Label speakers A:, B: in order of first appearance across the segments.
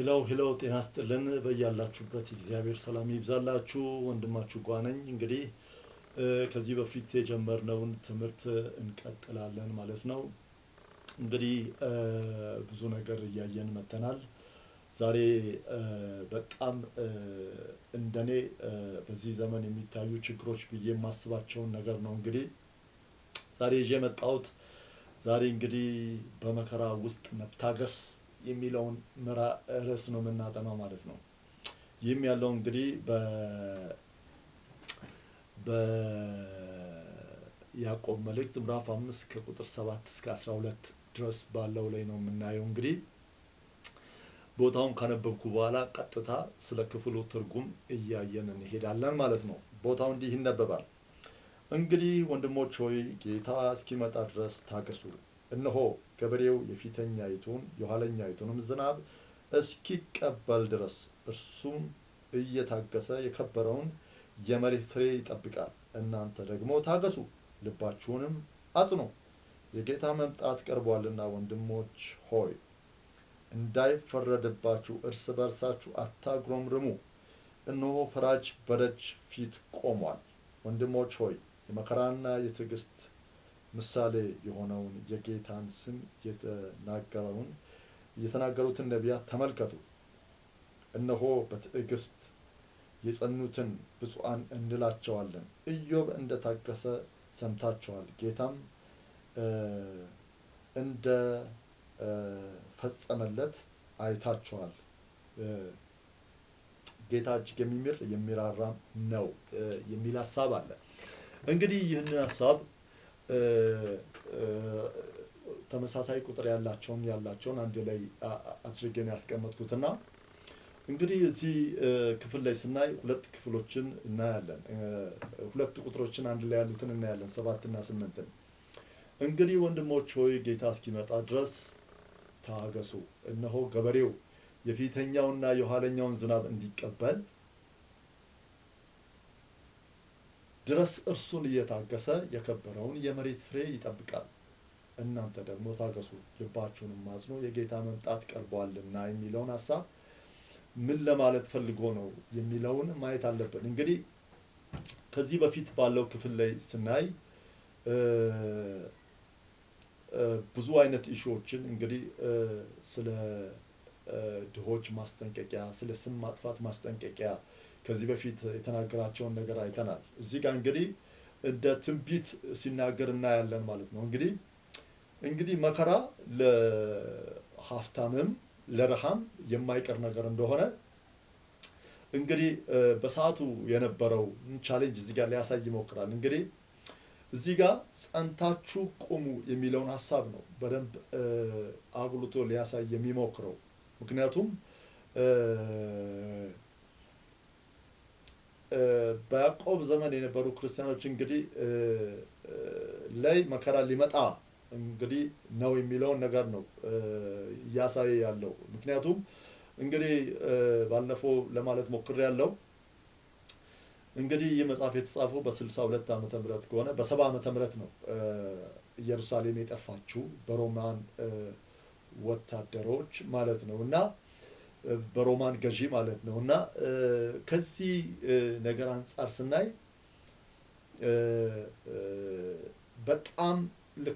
A: ሄለው ሂለው ጤና ስጥልን በያላችሁበት እግዚአብሔር ሰላም ይብዛላችሁ። ወንድማችሁ ጓነኝ። እንግዲህ ከዚህ በፊት የጀመርነውን ትምህርት እንቀጥላለን ማለት ነው። እንግዲህ ብዙ ነገር እያየን መተናል። ዛሬ በጣም እንደኔ በዚህ ዘመን የሚታዩ ችግሮች ብዬ የማስባቸውን ነገር ነው እንግዲህ ዛሬ ይዤ መጣሁት። ዛሬ እንግዲህ በመከራ ውስጥ መታገስ የሚለውን ርዕስ ነው የምናጠናው ማለት ነው። ይህም ያለው እንግዲህ በያዕቆብ መልእክት ምዕራፍ አምስት ከቁጥር ሰባት እስከ አስራ ሁለት ድረስ ባለው ላይ ነው የምናየው። እንግዲህ ቦታውን ካነበብኩ በኋላ ቀጥታ ስለ ክፍሉ ትርጉም እያየን እንሄዳለን ማለት ነው። ቦታው እንዲህ ይነበባል። እንግዲህ ወንድሞች ሆይ ጌታ እስኪመጣ ድረስ ታገሱ። እነሆ ገበሬው የፊተኛይቱን የኋለኛይቱንም ዝናብ እስኪቀበል ድረስ እርሱም እየታገሰ የከበረውን የመሬት ፍሬ ይጠብቃል። እናንተ ደግሞ ታገሱ፣ ልባችሁንም አጽኑ፣ የጌታ መምጣት ቀርቧልና። ወንድሞች ሆይ እንዳይፈረድባችሁ እርስ በርሳችሁ አታጉረምርሙ፣ እነሆ ፈራጅ በደጅ ፊት ቆሟል። ወንድሞች ሆይ የመከራና የትዕግስት ምሳሌ የሆነውን የጌታን ስም የተናገረውን የተናገሩትን ነቢያት ተመልከቱ። እነሆ በትዕግስት የጸኑትን ብፁዓን እንላቸዋለን። እንደ እንደታገሰ ሰምታቸዋል። ጌታም እንደ ፈጸመለት አይታቸዋል። ጌታ እጅግ የሚምር የሚራራም ነው የሚል ሀሳብ አለ። እንግዲህ ይህንን ሀሳብ ተመሳሳይ ቁጥር ያላቸውን ያላቸውን አንድ ላይ አድርገን ያስቀመጥኩት እና እንግዲህ እዚህ ክፍል ላይ ስናይ ሁለት ክፍሎችን እናያለን። ሁለት ቁጥሮችን አንድ ላይ ያሉትን እናያለን፣ ሰባትና ስምንትን። እንግዲህ ወንድሞች ሆይ ጌታ እስኪመጣ ድረስ ታገሱ። እነሆ ገበሬው የፊተኛውና የኋለኛውን ዝናብ እንዲቀበል ድረስ እርሱን እየታገሰ የከበረውን የመሬት ፍሬ ይጠብቃል። እናንተ ደግሞ ታገሱ፣ ልባችሁንም አጽኑ፣ የጌታ መምጣት ቀርቧልና የሚለውን ሀሳብ ምን ለማለት ፈልጎ ነው የሚለውን ማየት አለብን። እንግዲህ ከዚህ በፊት ባለው ክፍል ላይ ስናይ ብዙ አይነት እሾዎችን እንግዲህ ስለ ድሆች ማስጠንቀቂያ፣ ስለ ስም ማጥፋት ማስጠንቀቂያ ከዚህ በፊት የተናገራቸውን ነገር አይተናል። እዚህ ጋር እንግዲህ እንደ ትንቢት ሲናገር እናያለን ማለት ነው። እንግዲህ እንግዲህ መከራ ለሀፍታምም ለረሃም የማይቀር ነገር እንደሆነ እንግዲህ በሰዓቱ የነበረው ቻሌንጅ እዚህ ጋር ሊያሳይ ይሞክራል። እንግዲህ እዚህ ጋር ጸንታችሁ ቁሙ የሚለውን ሀሳብ ነው በደንብ አጉልቶ ሊያሳይ የሚሞክረው ምክንያቱም በያዕቆብ ዘመን የነበሩ ክርስቲያኖች እንግዲህ ላይ መከራ ሊመጣ እንግዲህ ነው የሚለውን ነገር ነው እያሳየ ያለው። ምክንያቱም እንግዲህ ባለፈው ለማለት ሞክር ያለው እንግዲህ ይህ መጽሐፍ የተጻፈው በስልሳ ሁለት ዓመተ ምህረት ከሆነ በሰባ ዓመተ ምህረት ነው ኢየሩሳሌም የጠፋችው በሮማን ወታደሮች ማለት ነው እና በሮማን ገዢ ማለት ነው እና ከዚህ ነገር አንጻር ስናይ በጣም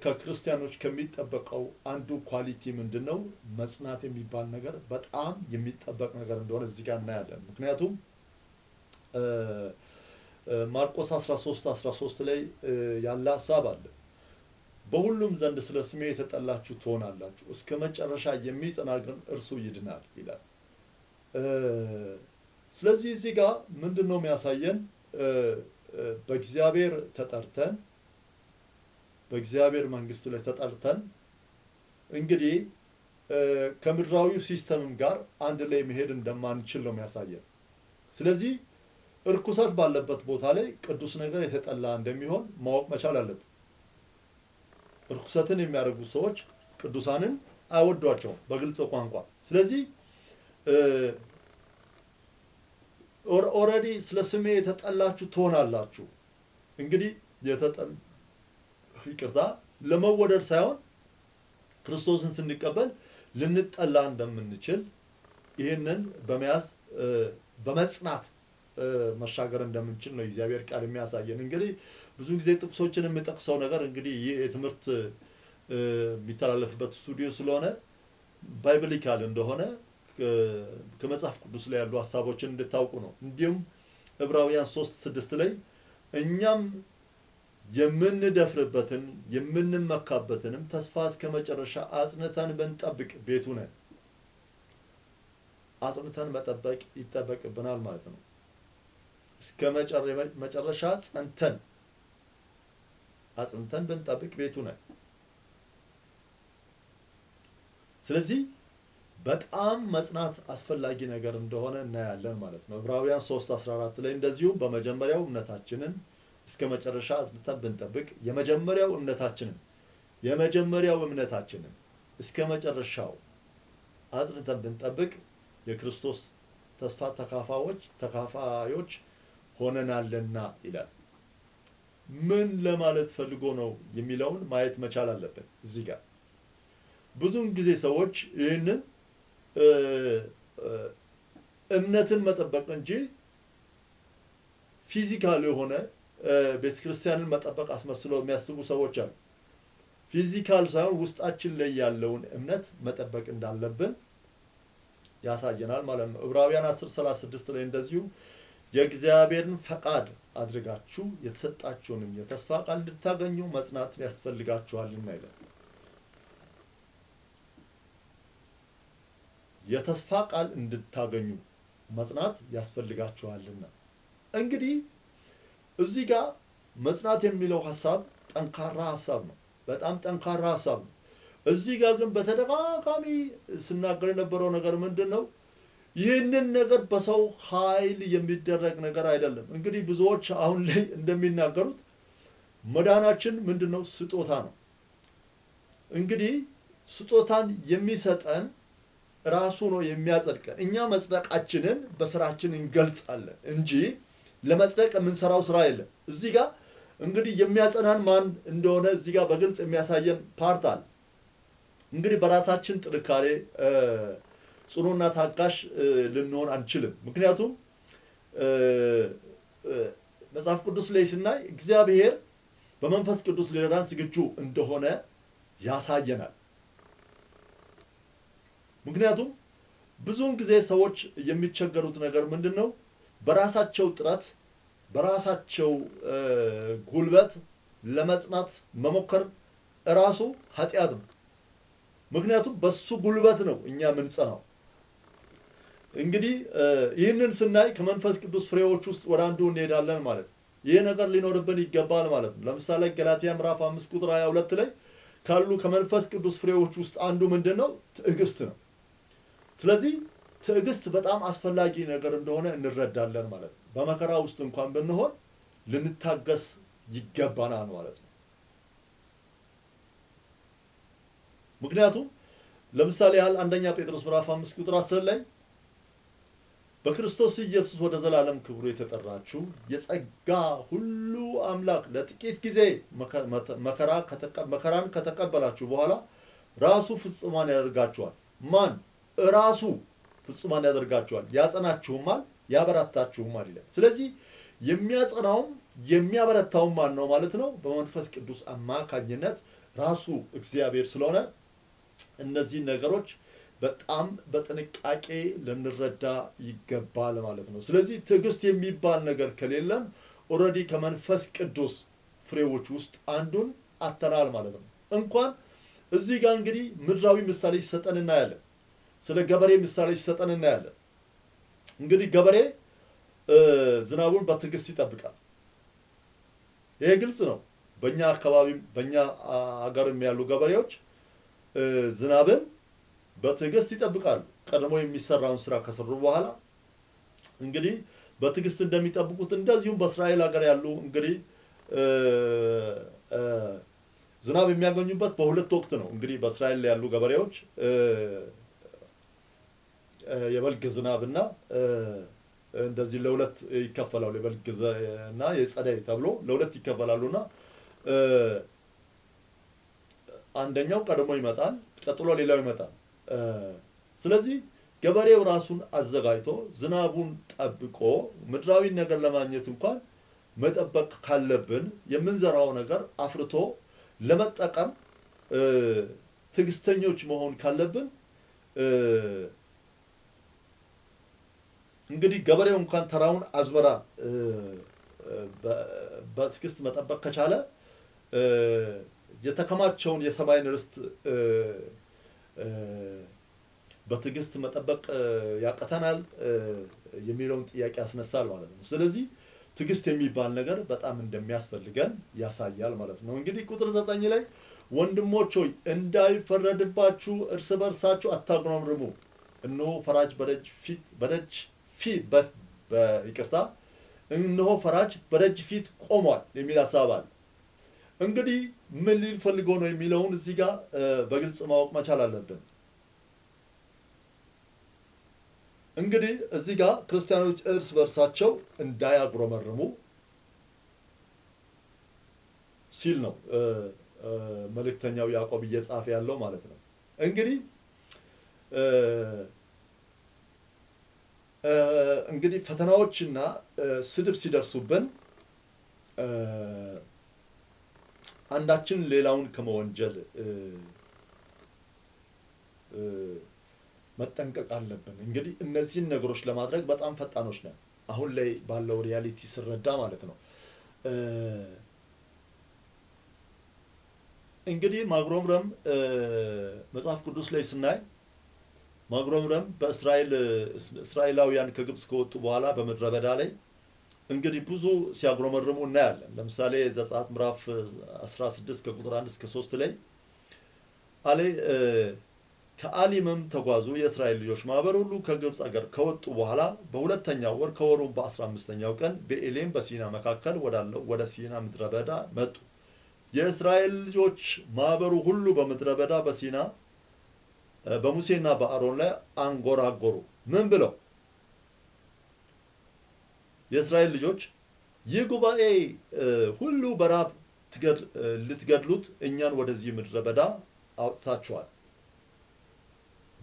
A: ከክርስቲያኖች ከሚጠበቀው አንዱ ኳሊቲ ምንድን ነው? መጽናት የሚባል ነገር በጣም የሚጠበቅ ነገር እንደሆነ እዚህ ጋር እናያለን። ምክንያቱም ማርቆስ 13 13 ላይ ያለ ሀሳብ አለ። በሁሉም ዘንድ ስለ ስሜ የተጠላችሁ ትሆናላችሁ፣ እስከ መጨረሻ የሚጸና ግን እርሱ ይድናል ይላል። ስለዚህ እዚህ ጋር ምንድን ነው የሚያሳየን? በእግዚአብሔር ተጠርተን በእግዚአብሔር መንግስት ላይ ተጠርተን እንግዲህ ከምድራዊው ሲስተምም ጋር አንድ ላይ መሄድ እንደማንችል ነው የሚያሳየን። ስለዚህ እርኩሰት ባለበት ቦታ ላይ ቅዱስ ነገር የተጠላ እንደሚሆን ማወቅ መቻል አለብን። እርኩሰትን የሚያደርጉ ሰዎች ቅዱሳንን አይወዷቸውም በግልጽ ቋንቋ። ስለዚህ ኦልሬዲ ስለ ስሜ የተጠላችሁ ትሆናላችሁ። እንግዲህ የተጠል ይቅርታ ለመወደድ ሳይሆን ክርስቶስን ስንቀበል ልንጠላ እንደምንችል ይህንን በመያዝ በመጽናት መሻገር እንደምንችል ነው እግዚአብሔር ቃል የሚያሳየን። እንግዲህ ብዙ ጊዜ ጥቅሶችን የምጠቅሰው ነገር እንግዲህ ይህ የትምህርት የሚተላለፍበት ስቱዲዮ ስለሆነ ባይብሊካል እንደሆነ ከመጽሐፍ ቅዱስ ላይ ያሉ ሀሳቦችን እንድታውቁ ነው። እንዲሁም ዕብራውያን ሶስት ስድስት ላይ እኛም የምንደፍርበትን የምንመካበትንም ተስፋ እስከ መጨረሻ አጽንተን ብንጠብቅ ቤቱ ነን። አጽንተን መጠበቅ ይጠበቅብናል ማለት ነው። እስከ መጨረሻ ጸንተን አጽንተን ብንጠብቅ ቤቱ ነን። ስለዚህ በጣም መጽናት አስፈላጊ ነገር እንደሆነ እናያለን ማለት ነው። ዕብራውያን 14 ላይ እንደዚሁም በመጀመሪያው እምነታችንን እስከ መጨረሻ አጽንተን ብንጠብቅ የመጀመሪያው እምነታችንን የመጀመሪያው እምነታችንን እስከ መጨረሻው አጽንተን ብንጠብቅ የክርስቶስ ተስፋ ተካፋዎች ተካፋዮች ሆነናልና ይላል። ምን ለማለት ፈልጎ ነው የሚለውን ማየት መቻል አለብን እዚህ ጋር ብዙውን ጊዜ ሰዎች ይህንን እምነትን መጠበቅ እንጂ ፊዚካል የሆነ ቤተክርስቲያንን መጠበቅ አስመስለው የሚያስቡ ሰዎች አሉ። ፊዚካል ሳይሆን ውስጣችን ላይ ያለውን እምነት መጠበቅ እንዳለብን ያሳየናል ማለት ነው። ዕብራውያን 10:36 ላይ እንደዚሁ የእግዚአብሔርን ፈቃድ አድርጋችሁ የተሰጣችሁንም የተስፋ ቃል እንድታገኙ መጽናትን ያስፈልጋችኋልና ይላል። የተስፋ ቃል እንድታገኙ መጽናት ያስፈልጋችኋልና። እንግዲህ እዚህ ጋር መጽናት የሚለው ሀሳብ ጠንካራ ሀሳብ ነው። በጣም ጠንካራ ሀሳብ ነው። እዚህ ጋር ግን በተደጋጋሚ ስናገር የነበረው ነገር ምንድን ነው? ይህንን ነገር በሰው ኃይል የሚደረግ ነገር አይደለም። እንግዲህ ብዙዎች አሁን ላይ እንደሚናገሩት መዳናችን ምንድን ነው? ስጦታ ነው። እንግዲህ ስጦታን የሚሰጠን ራሱ ነው የሚያጸድቀን። እኛ መጽደቃችንን በስራችን እንገልጻለን እንጂ ለመጽደቅ የምንሰራው ስራ የለም። እዚህ ጋር እንግዲህ የሚያጸናን ማን እንደሆነ እዚህ ጋር በግልጽ የሚያሳየን ፓርት አለ። እንግዲህ በራሳችን ጥንካሬ ጽኑና ታጋሽ ልንሆን አንችልም። ምክንያቱም መጽሐፍ ቅዱስ ላይ ስናይ እግዚአብሔር በመንፈስ ቅዱስ ሊረዳን ዝግጁ እንደሆነ ያሳየናል። ምክንያቱም ብዙውን ጊዜ ሰዎች የሚቸገሩት ነገር ምንድን ነው? በራሳቸው ጥረት በራሳቸው ጉልበት ለመጽናት መሞከር እራሱ ኃጢአት ነው። ምክንያቱም በሱ ጉልበት ነው እኛ የምንጸናው። እንግዲህ ይህንን ስናይ ከመንፈስ ቅዱስ ፍሬዎች ውስጥ ወደ አንዱ እንሄዳለን ማለት ነው። ይህ ነገር ሊኖርብን ይገባል ማለት ነው። ለምሳሌ ገላትያ ምዕራፍ አምስት ቁጥር ሁለት ላይ ካሉ ከመንፈስ ቅዱስ ፍሬዎች ውስጥ አንዱ ምንድን ነው? ትዕግስት ነው። ስለዚህ ትዕግስት በጣም አስፈላጊ ነገር እንደሆነ እንረዳለን ማለት ነው። በመከራ ውስጥ እንኳን ብንሆን ልንታገስ ይገባናል ማለት ነው። ምክንያቱም ለምሳሌ ያህል አንደኛ ጴጥሮስ ምዕራፍ 5 ቁጥር 10 ላይ በክርስቶስ ኢየሱስ ወደ ዘላለም ክብሩ የተጠራችሁ የጸጋ ሁሉ አምላክ ለጥቂት ጊዜ መከራ መከራን ከተቀበላችሁ በኋላ ራሱ ፍጹማን ያደርጋችኋል። ማን እራሱ ፍጹማን ያደርጋችኋል፣ ያጸናችሁማል፣ ያበረታችሁማል ይላል። ስለዚህ የሚያጸናውም የሚያበረታውም ማን ነው ማለት ነው? በመንፈስ ቅዱስ አማካኝነት ራሱ እግዚአብሔር ስለሆነ እነዚህን ነገሮች በጣም በጥንቃቄ ልንረዳ ይገባል ማለት ነው። ስለዚህ ትዕግስት የሚባል ነገር ከሌለም ኦልሬዲ ከመንፈስ ቅዱስ ፍሬዎች ውስጥ አንዱን አተናል ማለት ነው። እንኳን እዚህ ጋር እንግዲህ ምድራዊ ምሳሌ ሲሰጠን እናያለን። ስለ ገበሬ ምሳሌ ሲሰጠን እናያለን። እንግዲህ ገበሬ ዝናቡን በትዕግስት ይጠብቃል። ይሄ ግልጽ ነው። በእኛ አካባቢም በእኛ አገርም ያሉ ገበሬዎች ዝናብን በትዕግስት ይጠብቃሉ። ቀድሞ የሚሰራውን ስራ ከሰሩ በኋላ እንግዲህ በትዕግስት እንደሚጠብቁት እንደዚሁም በእስራኤል ሀገር ያሉ እንግዲህ ዝናብ የሚያገኙበት በሁለት ወቅት ነው። እንግዲህ በእስራኤል ያሉ ገበሬዎች የበልግ ዝናብና እንደዚህ ለሁለት ይከፈላሉ። የበልግ እና የጸደይ ተብሎ ለሁለት ይከፈላሉና አንደኛው ቀድሞ ይመጣል፣ ቀጥሎ ሌላው ይመጣል። ስለዚህ ገበሬው ራሱን አዘጋጅቶ ዝናቡን ጠብቆ ምድራዊ ነገር ለማግኘት እንኳን መጠበቅ ካለብን የምንዘራው ነገር አፍርቶ ለመጠቀም ትዕግስተኞች መሆን ካለብን እንግዲህ ገበሬው እንኳን ተራውን አዝመራ በትዕግስት መጠበቅ ከቻለ የተከማቸውን የሰማይን ርስት በትዕግስት መጠበቅ ያቀተናል የሚለውን ጥያቄ ያስነሳል ማለት ነው። ስለዚህ ትዕግስት የሚባል ነገር በጣም እንደሚያስፈልገን ያሳያል ማለት ነው። እንግዲህ ቁጥር ዘጠኝ ላይ ወንድሞች ሆይ እንዳይፈረድባችሁ እርስ በርሳችሁ አታጉረምርሙ፣ እነሆ ፈራጅ በደጅ ፊት በደጅ በይቅርታ እነሆ ፈራጅ በደጅ ፊት ቆሟል የሚል ሀሳብ አለ። እንግዲህ ምን ሊል ፈልጎ ነው የሚለውን እዚህ ጋር በግልጽ ማወቅ መቻል አለብን። እንግዲህ እዚህ ጋር ክርስቲያኖች እርስ በእርሳቸው እንዳያጉረመርሙ ሲል ነው መልእክተኛው ያዕቆብ እየጻፈ ያለው ማለት ነው። እንግዲህ እንግዲህ ፈተናዎችና ስድብ ሲደርሱብን አንዳችን ሌላውን ከመወንጀል መጠንቀቅ አለብን። እንግዲህ እነዚህን ነገሮች ለማድረግ በጣም ፈጣኖች ነን። አሁን ላይ ባለው ሪያሊቲ ስረዳ ማለት ነው። እንግዲህ ማጉረምረም መጽሐፍ ቅዱስ ላይ ስናይ መግሮምረም በእስራኤል እስራኤላውያን ከግብጽ ከወጡ በኋላ በምድረ በዳ ላይ እንግዲህ ብዙ ሲያጉረመርሙ እናያለን። ለምሳሌ ዘጸአት ምዕራፍ 16 ከቁጥር 1 እስከ 3 ላይ አለ ከአሊምም ተጓዙ የእስራኤል ልጆች ማህበር ሁሉ ከግብጽ አገር ከወጡ በኋላ በሁለተኛው ወር ከወሩ በ15ኛው ቀን በኤሌም በሲና መካከል ወዳለው ወደ ሲና ምድረ በዳ መጡ። የእስራኤል ልጆች ማህበሩ ሁሉ በምድረ በዳ በሲና በሙሴና በአሮን ላይ አንጎራጎሩ። ምን ብለው የእስራኤል ልጆች ይህ ጉባኤ ሁሉ በራብ ልትገድሉት እኛን ወደዚህ ምድረ በዳ አውጥታችኋል።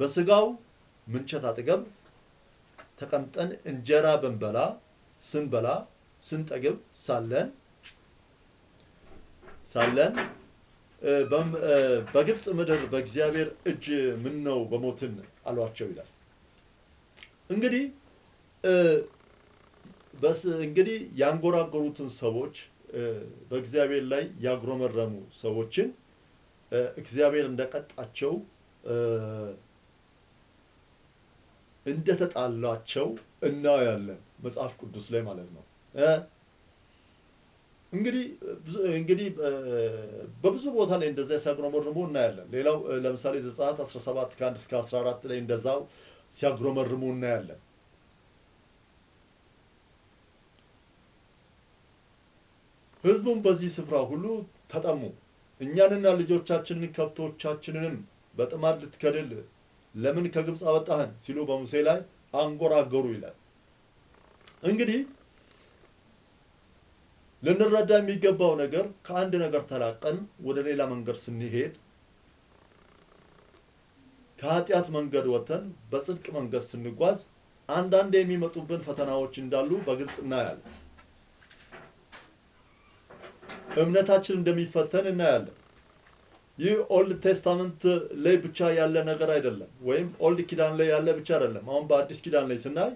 A: በስጋው ምንቸት አጠገብ ተቀምጠን እንጀራ ብንበላ ስንበላ ስንጠግብ ሳለን ሳለን በግብፅ ምድር በእግዚአብሔር እጅ ምን ነው በሞትን አሏቸው ይላል። እንግዲህ እንግዲህ ያንጎራጎሩትን ሰዎች በእግዚአብሔር ላይ ያጉረመረሙ ሰዎችን እግዚአብሔር እንደቀጣቸው እንደተጣላቸው እናያለን መጽሐፍ ቅዱስ ላይ ማለት ነው። እንግዲህ እንግዲህ በብዙ ቦታ ላይ እንደዛ ሲያጉረመርሙ እናያለን። ሌላው ለምሳሌ ዘጸአት 17 ከ1 እስከ 14 ላይ እንደዛው ሲያጉረመርሙ እናያለን። ህዝቡም በዚህ ስፍራ ሁሉ ተጠሙ። እኛንና ልጆቻችንን ከብቶቻችንንም በጥማድ ልትከድል ለምን ከግብፅ አወጣህን ሲሉ በሙሴ ላይ አንጎራገሩ ይላል። እንግዲህ ልንረዳ የሚገባው ነገር ከአንድ ነገር ተላቀን ወደ ሌላ መንገድ ስንሄድ ከኃጢአት መንገድ ወተን በጽድቅ መንገድ ስንጓዝ አንዳንድ የሚመጡብን ፈተናዎች እንዳሉ በግልጽ እናያለን። እምነታችን እንደሚፈተን እናያለን። ይህ ኦልድ ቴስታመንት ላይ ብቻ ያለ ነገር አይደለም፣ ወይም ኦልድ ኪዳን ላይ ያለ ብቻ አይደለም። አሁን በአዲስ ኪዳን ላይ ስናይ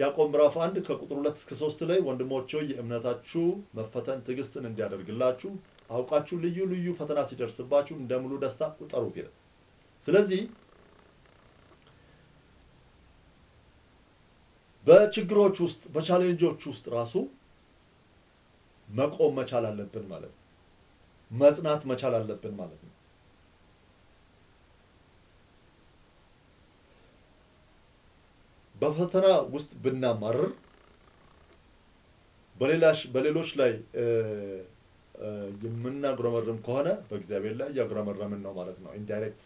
A: ያዕቆብ ምዕራፍ 1 ከቁጥር 2 እስከ 3 ላይ ወንድሞቼ ሆይ የእምነታችሁ መፈተን ትዕግስትን እንዲያደርግላችሁ አውቃችሁ ልዩ ልዩ ፈተና ሲደርስባችሁ እንደሙሉ ደስታ ቁጠሩት ይላል። ስለዚህ በችግሮች ውስጥ በቻሌንጆች ውስጥ ራሱ መቆም መቻል አለብን ማለት ነው። መጽናት መቻል አለብን ማለት ነው። በፈተና ውስጥ ብናማርር በሌሎች ላይ የምናጉረመርም ከሆነ በእግዚአብሔር ላይ እያጉረመረምን ነው ማለት ነው። ኢንዳይሬክት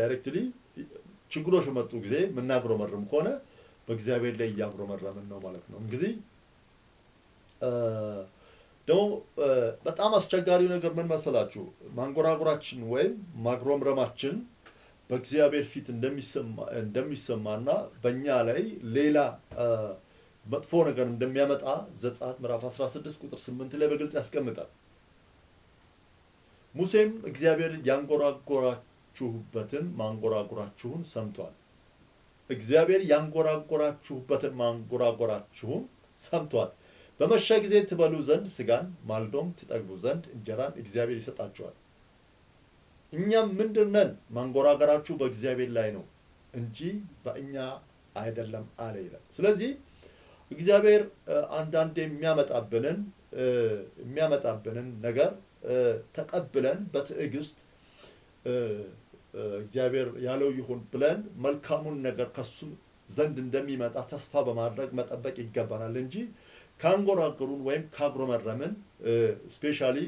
A: ዳይሬክትሊ ችግሮች በመጡ ጊዜ የምናጉረመርም ከሆነ በእግዚአብሔር ላይ እያጉረመረምን ነው ማለት ነው። እንግዲህ ደግሞ በጣም አስቸጋሪው ነገር ምን መሰላችሁ? ማንጎራጉራችን ወይም ማጉረምረማችን በእግዚአብሔር ፊት እንደሚሰማና በእኛ ላይ ሌላ መጥፎ ነገር እንደሚያመጣ ዘጸአት ምዕራፍ 16 ቁጥር 8 ላይ በግልጽ ያስቀምጣል። ሙሴም እግዚአብሔር ያንጎራጎራችሁበትን ማንጎራጎራችሁን ሰምቷል። እግዚአብሔር ያንጎራጎራችሁበትን ማንጎራጎራችሁን ሰምቷል። በመሸ ጊዜ ትበሉ ዘንድ ስጋን፣ ማልዶም ትጠግቡ ዘንድ እንጀራን እግዚአብሔር ይሰጣችኋል። እኛም ምንድነን ማንጎራገራችሁ በእግዚአብሔር ላይ ነው እንጂ በእኛ አይደለም አለ ይላል። ስለዚህ እግዚአብሔር አንዳንዴ የሚያመጣብንን የሚያመጣብንን ነገር ተቀብለን በትዕግስት እግዚአብሔር ያለው ይሁን ብለን መልካሙን ነገር ከሱ ዘንድ እንደሚመጣ ተስፋ በማድረግ መጠበቅ ይገባናል እንጂ ካንጎራገሩን ወይም ካጉረመረምን ስፔሻሊ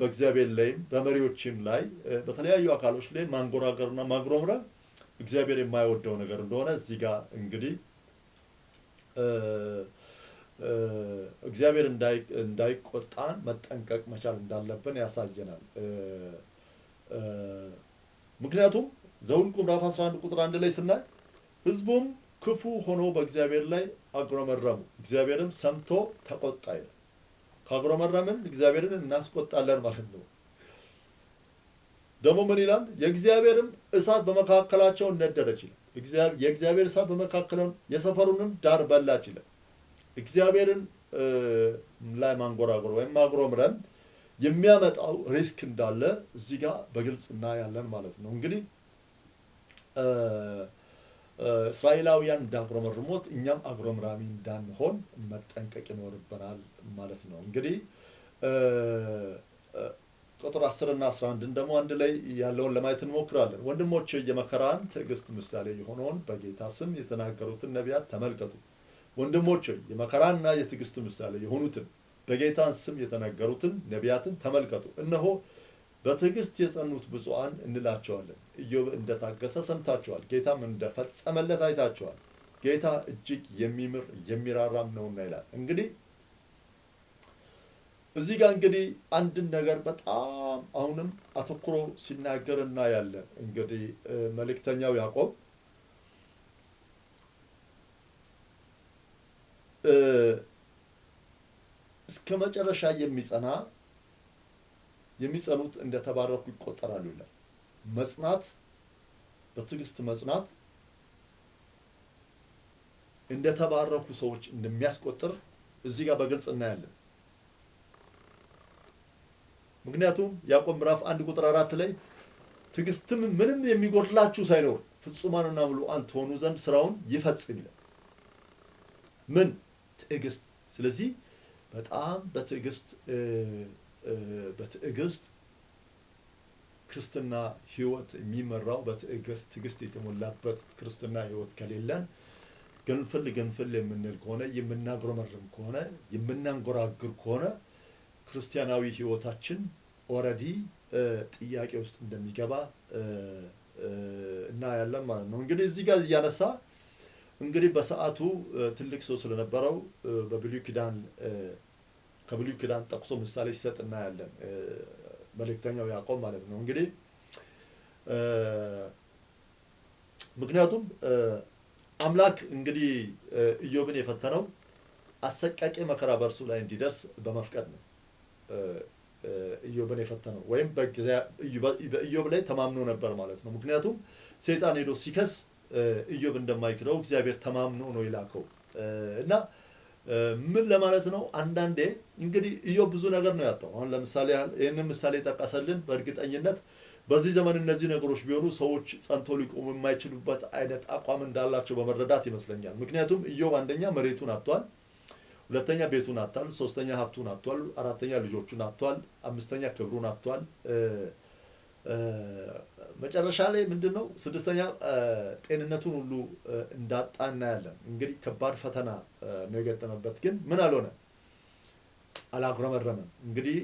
A: በእግዚአብሔር ላይም በመሪዎችም ላይ በተለያዩ አካሎች ላይ ማንጎራገርና ማጉረምረም እግዚአብሔር የማይወደው ነገር እንደሆነ እዚህ ጋር እንግዲህ እግዚአብሔር እንዳይቆጣን መጠንቀቅ መቻል እንዳለብን ያሳየናል። ምክንያቱም ዘውልቁ ምዕራፍ 11 ቁጥር 1 ላይ ስናይ ህዝቡም ክፉ ሆኖ በእግዚአብሔር ላይ አጉረመረሙ፣ እግዚአብሔርም ሰምቶ ተቆጣ ይላል። ካጉረመረምን እግዚአብሔርን እናስቆጣለን ማለት ነው። ደግሞ ምን ይላል? የእግዚአብሔርም እሳት በመካከላቸው ነደደች ይላል። የእግዚአብሔር እሳት በመካከላቸው የሰፈሩንም ዳር በላች ይላል። እግዚአብሔርን ላይ ማንጎራጎር ወይም ማጉረምረም የሚያመጣው ሪስክ እንዳለ እዚህ ጋር በግልጽ እናያለን ማለት ነው እንግዲህ እስራኤላውያን እንዳጉረመርሙት እኛም አጉረምራሚ እንዳንሆን መጠንቀቅ ይኖርብናል ማለት ነው። እንግዲህ ቁጥር 10 እና 11 ደግሞ አንድ ላይ ያለውን ለማየት እንሞክራለን። ወንድሞች የመከራን ትዕግስት ምሳሌ የሆነውን በጌታ ስም የተናገሩትን ነቢያት ተመልከቱ። ወንድሞች የመከራና የትዕግስት ምሳሌ የሆኑትን በጌታን ስም የተናገሩትን ነቢያትን ተመልከቱ። እነሆ በትዕግስት የጸኑት ብፁዓን እንላቸዋለን። እዮብ እንደታገሰ ሰምታችኋል፣ ጌታም እንደፈጸመለት አይታችኋል። ጌታ እጅግ የሚምር የሚራራም ነውና ይላል። እንግዲህ እዚህ ጋር እንግዲህ አንድን ነገር በጣም አሁንም አተኩሮ ሲናገር እናያለን። እንግዲህ መልእክተኛው ያዕቆብ እስከ መጨረሻ የሚጸና የሚጸኑት እንደተባረኩ ይቆጠራሉ ይላል። መጽናት በትዕግስት መጽናት እንደተባረኩ ሰዎች እንደሚያስቆጥር እዚህ ጋር በግልጽ እናያለን። ምክንያቱም ያዕቆብ ምዕራፍ አንድ ቁጥር አራት ላይ ትዕግስትም ምንም የሚጎድላችሁ ሳይኖር ፍጹማንና ምሉዓን ትሆኑ ዘንድ ስራውን ይፈጽም ይላል። ምን ትዕግስት። ስለዚህ በጣም በትዕግስት በትዕግስት ክርስትና ህይወት የሚመራው በትዕግስት ትዕግስት የተሞላበት ክርስትና ህይወት ከሌለን ግንፍል ግንፍል የምንል ከሆነ የምናጉረመርም ከሆነ የምናንጎራግር ከሆነ ክርስቲያናዊ ህይወታችን ኦረዲ ጥያቄ ውስጥ እንደሚገባ እናያለን ማለት ነው። እንግዲህ እዚህ ጋር እያነሳ እንግዲህ በሰዓቱ ትልቅ ሰው ስለነበረው በብሉይ ኪዳን ከብሉይ ኪዳን ጠቅሶ ምሳሌ ሲሰጥ እናያለን። መልእክተኛው ያዕቆብ ማለት ነው። እንግዲህ ምክንያቱም አምላክ እንግዲህ ኢዮብን የፈተነው አሰቃቂ መከራ በእርሱ ላይ እንዲደርስ በመፍቀድ ነው። ኢዮብን የፈተነው ወይም በኢዮብ ላይ ተማምኖ ነበር ማለት ነው። ምክንያቱም ሰይጣን ሄዶ ሲከስ ኢዮብ እንደማይክደው እግዚአብሔር ተማምኖ ነው የላከው እና ምን ለማለት ነው? አንዳንዴ እንግዲህ ኢዮብ ብዙ ነገር ነው ያጣው። አሁን ለምሳሌ ያህል ይህንን ምሳሌ ጠቀሰልን። በእርግጠኝነት በዚህ ዘመን እነዚህ ነገሮች ቢሆኑ ሰዎች ጸንቶ ሊቆሙ የማይችሉበት አይነት አቋም እንዳላቸው በመረዳት ይመስለኛል። ምክንያቱም ኢዮብ አንደኛ መሬቱን አጥቷል፣ ሁለተኛ ቤቱን አጥቷል፣ ሶስተኛ ሀብቱን አጥቷል፣ አራተኛ ልጆቹን አጥቷል፣ አምስተኛ ክብሩን አጥቷል። መጨረሻ ላይ ምንድነው ስድስተኛ ጤንነቱን ሁሉ እንዳጣ እናያለን። እንግዲህ ከባድ ፈተና ነው የገጠመበት፣ ግን ምን አልሆነ አላጉረመረመም። እንግዲህ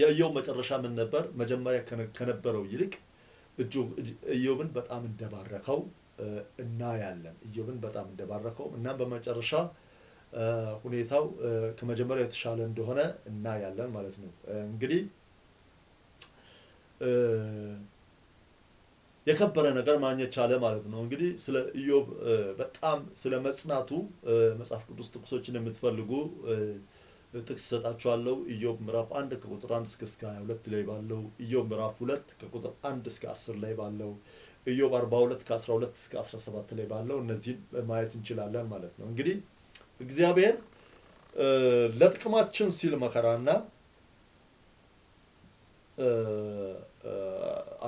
A: የእዮብ መጨረሻ ምን ነበር? መጀመሪያ ከነበረው ይልቅ እዮብን በጣም እንደባረከው እናያለን። እዮብን በጣም እንደባረከው እናም በመጨረሻ ሁኔታው ከመጀመሪያው የተሻለ እንደሆነ እናያለን ማለት ነው እንግዲህ የከበረ ነገር ማግኘት ቻለ ማለት ነው። እንግዲህ ስለ ኢዮብ በጣም ስለ መጽናቱ መጽሐፍ ቅዱስ ጥቅሶችን የምትፈልጉ ጥቅስ እሰጣችኋለሁ። ኢዮብ ምዕራፍ 1 ከቁጥር 1 እስከ 22 ላይ ባለው፣ ኢዮብ ምዕራፍ 2 ከቁጥር 1 እስከ 10 ላይ ባለው፣ ኢዮብ 42 ከ12 እስከ 17 ላይ ባለው እነዚህን ማየት እንችላለን ማለት ነው። እንግዲህ እግዚአብሔር ለጥቅማችን ሲል መከራና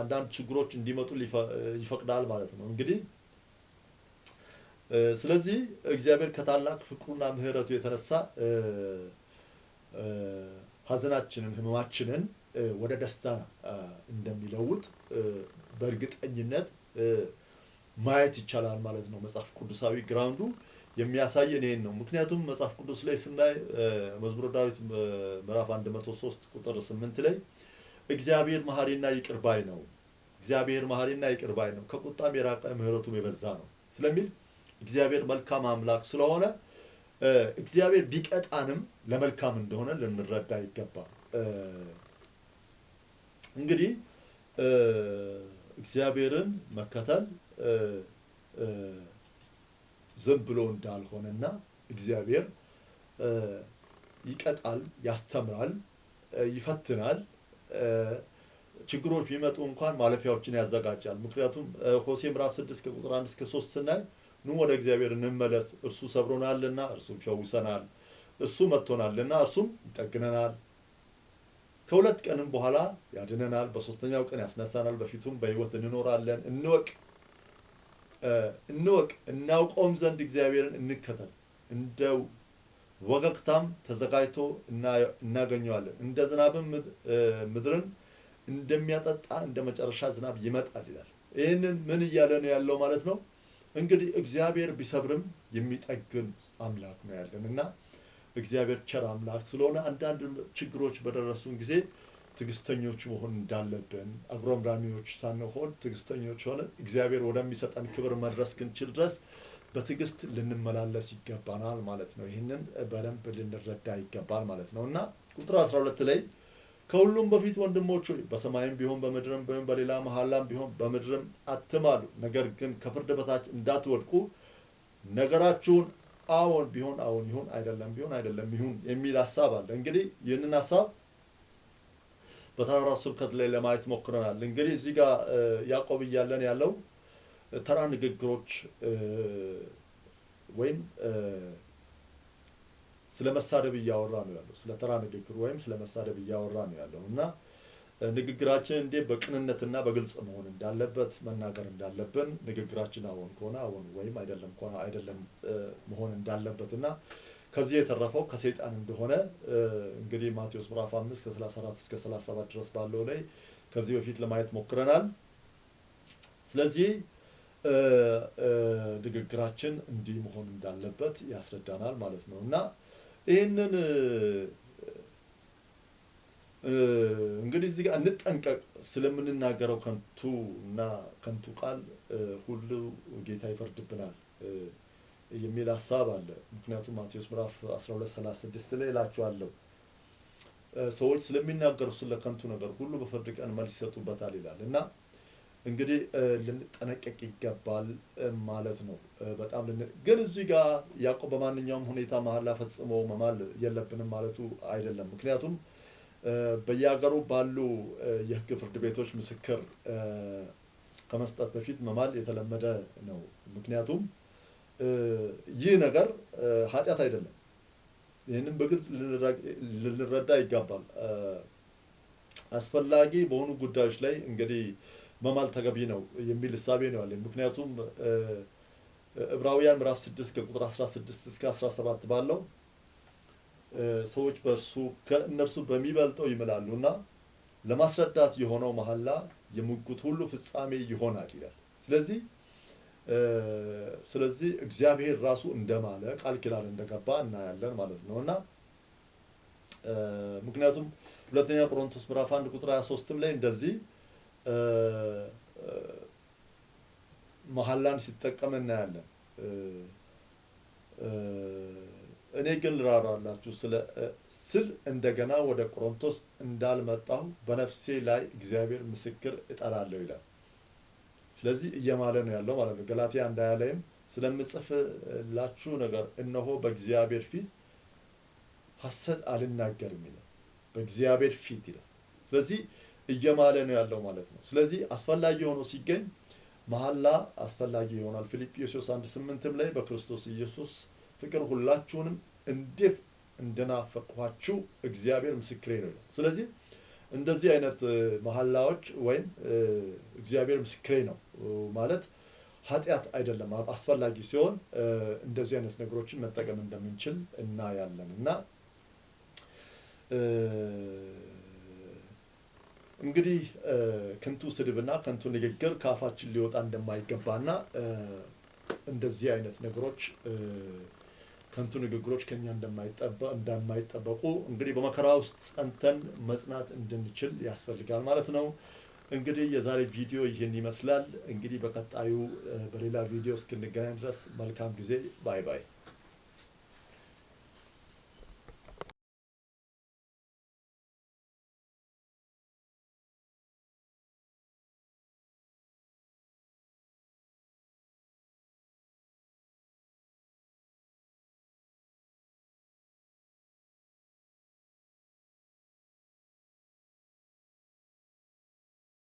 A: አንዳንድ ችግሮች እንዲመጡ ይፈቅዳል ማለት ነው። እንግዲህ ስለዚህ እግዚአብሔር ከታላቅ ፍቅሩና ምሕረቱ የተነሳ ሐዘናችንን ህመማችንን ወደ ደስታ እንደሚለውጥ በእርግጠኝነት ማየት ይቻላል ማለት ነው። መጽሐፍ ቅዱሳዊ ግራውንዱ የሚያሳየን ይሄን ነው። ምክንያቱም መጽሐፍ ቅዱስ ላይ ስናይ መዝሙረ ዳዊት ምዕራፍ 103 ቁጥር 8 ላይ እግዚአብሔር መሐሪና ይቅር ባይ ነው። እግዚአብሔር መሐሪና ይቅር ባይ ነው፣ ከቁጣም የራቀ ምሕረቱም የበዛ ነው ስለሚል እግዚአብሔር መልካም አምላክ ስለሆነ እግዚአብሔር ቢቀጣንም ለመልካም እንደሆነ ልንረዳ ይገባል። እንግዲህ እግዚአብሔርን መከተል ዝም ብሎ እንዳልሆነና እግዚአብሔር ይቀጣል፣ ያስተምራል፣ ይፈትናል ችግሮች ቢመጡ እንኳን ማለፊያዎችን ያዘጋጃል። ምክንያቱም ሆሴ ምዕራፍ 6 ከቁጥር 1 እስከ 3 ስናይ ኑ ወደ እግዚአብሔር እንመለስ፣ እርሱ ሰብሮናልና፣ እርሱ ሸውሰናል፣ እሱ መጥቶናልና፣ እርሱም ይጠግነናል፣ ከሁለት ቀንም በኋላ ያድነናል፣ በሶስተኛው ቀን ያስነሳናል፣ በፊቱም በህይወት እንኖራለን። እንወቅ እንወቅ፣ እናውቀውም ዘንድ እግዚአብሔርን እንከተል እንደው ወገግታም ተዘጋጅቶ እናገኘዋለን። እንደ ዝናብም ምድርን እንደሚያጠጣ እንደ መጨረሻ ዝናብ ይመጣል ይላል። ይህንን ምን እያለ ነው ያለው ማለት ነው? እንግዲህ እግዚአብሔር ቢሰብርም የሚጠግን አምላክ ነው ያለን እና እግዚአብሔር ቸር አምላክ ስለሆነ አንዳንድ ችግሮች በደረሱን ጊዜ ትዕግስተኞች መሆን እንዳለብን አጉረምራሚዎች ሳንሆን ትዕግስተኞች ሆነን እግዚአብሔር ወደሚሰጠን ክብር መድረስ ክንችል ድረስ በትዕግስት ልንመላለስ ይገባናል ማለት ነው። ይህንን በደንብ ልንረዳ ይገባል ማለት ነው እና ቁጥር 12 ላይ ከሁሉም በፊት ወንድሞች ሆይ በሰማይም ቢሆን በምድርም ቢሆን በሌላ መሐላም ቢሆን በምድርም አትማሉ፣ ነገር ግን ከፍርድ በታች እንዳትወድቁ ነገራችሁን አዎን ቢሆን አዎን ይሁን አይደለም ቢሆን አይደለም ይሁን የሚል ሀሳብ አለ። እንግዲህ ይህንን ሀሳብ በተራራው ስብከት ላይ ለማየት ሞክረናል። እንግዲህ እዚህ ጋር ያዕቆብ እያለን ያለው ተራ ንግግሮች ወይም ስለ መሳደብ እያወራ ነው ያለው። ስለ ተራ ንግግር ወይም ስለ መሳደብ እያወራ ነው ያለው እና ንግግራችን እንዴ በቅንነትና በግልጽ መሆን እንዳለበት መናገር እንዳለብን ንግግራችን አዎን ከሆነ አዎን ወይም አይደለም ከሆነ አይደለም መሆን እንዳለበት እና ከዚህ የተረፈው ከሰይጣን እንደሆነ እንግዲህ ማቴዎስ ምዕራፍ 5 ከ34 እስከ 37 ድረስ ባለው ላይ ከዚህ በፊት ለማየት ሞክረናል። ስለዚህ ንግግራችን እንዲህ መሆን እንዳለበት ያስረዳናል ማለት ነው እና ይህንን እንግዲህ እዚህ ጋር እንጠንቀቅ ስለምንናገረው ከንቱ እና ከንቱ ቃል ሁሉ ጌታ ይፈርድብናል የሚል ሀሳብ አለ። ምክንያቱም ማቴዎስ ምዕራፍ 12:36 ላይ እላችኋለሁ ሰዎች ስለሚናገሩ ስለ ከንቱ ነገር ሁሉ በፍርድ ቀን መልስ ይሰጡበታል ይላል እና እንግዲህ ልንጠነቀቅ ይገባል ማለት ነው። በጣም ግን እዚህ ጋር ያዕቆብ በማንኛውም ሁኔታ መሐላ ፈጽሞ መማል የለብንም ማለቱ አይደለም። ምክንያቱም በየሀገሩ ባሉ የህግ ፍርድ ቤቶች ምስክር ከመስጠት በፊት መማል የተለመደ ነው። ምክንያቱም ይህ ነገር ኃጢአት አይደለም። ይህንም በግልጽ ልንረዳ ይገባል። አስፈላጊ በሆኑ ጉዳዮች ላይ እንግዲህ መማል ተገቢ ነው የሚል እሳቤ ነው ያለኝ። ምክንያቱም ዕብራውያን ምዕራፍ 6 ከቁጥር 16 እስከ 17 ባለው ሰዎች በእርሱ ከእነርሱ በሚበልጠው ይምላሉና ለማስረዳት የሆነው መሐላ የምጉት ሁሉ ፍጻሜ ይሆናል ይላል። ስለዚህ ስለዚህ እግዚአብሔር ራሱ እንደማለ ቃል ኪዳን እንደገባ እናያለን ማለት ነው እና ምክንያቱም ሁለተኛ ቆሮንቶስ ምዕራፍ 1 ቁጥር 23 ም ላይ እንደዚህ መሀላን ሲጠቀም እናያለን። እኔ ግን ልራራላችሁ ስለ ስል እንደገና ወደ ቆሮንቶስ እንዳልመጣሁ በነፍሴ ላይ እግዚአብሔር ምስክር እጠራለሁ ይላል። ስለዚህ እየማለ ነው ያለው ማለት ነው። ገላትያ አንድ ላይም ስለምጽፍላችሁ ነገር እነሆ በእግዚአብሔር ፊት ሐሰት አልናገርም ይላል። በእግዚአብሔር ፊት ይላል። ስለዚህ እየማለ ነው ያለው ማለት ነው። ስለዚህ አስፈላጊ ሆኖ ሲገኝ መሐላ አስፈላጊ ይሆናል። ፊልጵስዩስ 18 ላይ በክርስቶስ ኢየሱስ ፍቅር ሁላችሁንም እንዴት እንደናፈቅኋችሁ እግዚአብሔር ምስክሬ ነው። ስለዚህ እንደዚህ አይነት መሐላዎች ወይም እግዚአብሔር ምስክሬ ነው ማለት ኃጢአት አይደለም አስፈላጊ ሲሆን እንደዚህ አይነት ነገሮችን መጠቀም እንደምንችል እናያለን እና እንግዲህ ከንቱ ስድብና ከንቱ ንግግር ከአፋችን ሊወጣ እንደማይገባና እንደዚህ አይነት ነገሮች ከንቱ ንግግሮች ከኛ እንደማይጠበቁ እንግዲህ በመከራ ውስጥ ጸንተን መጽናት እንድንችል ያስፈልጋል ማለት ነው። እንግዲህ የዛሬ ቪዲዮ ይህን ይመስላል። እንግዲህ በቀጣዩ በሌላ ቪዲዮ እስክንገናኝ ድረስ መልካም ጊዜ። ባይ ባይ።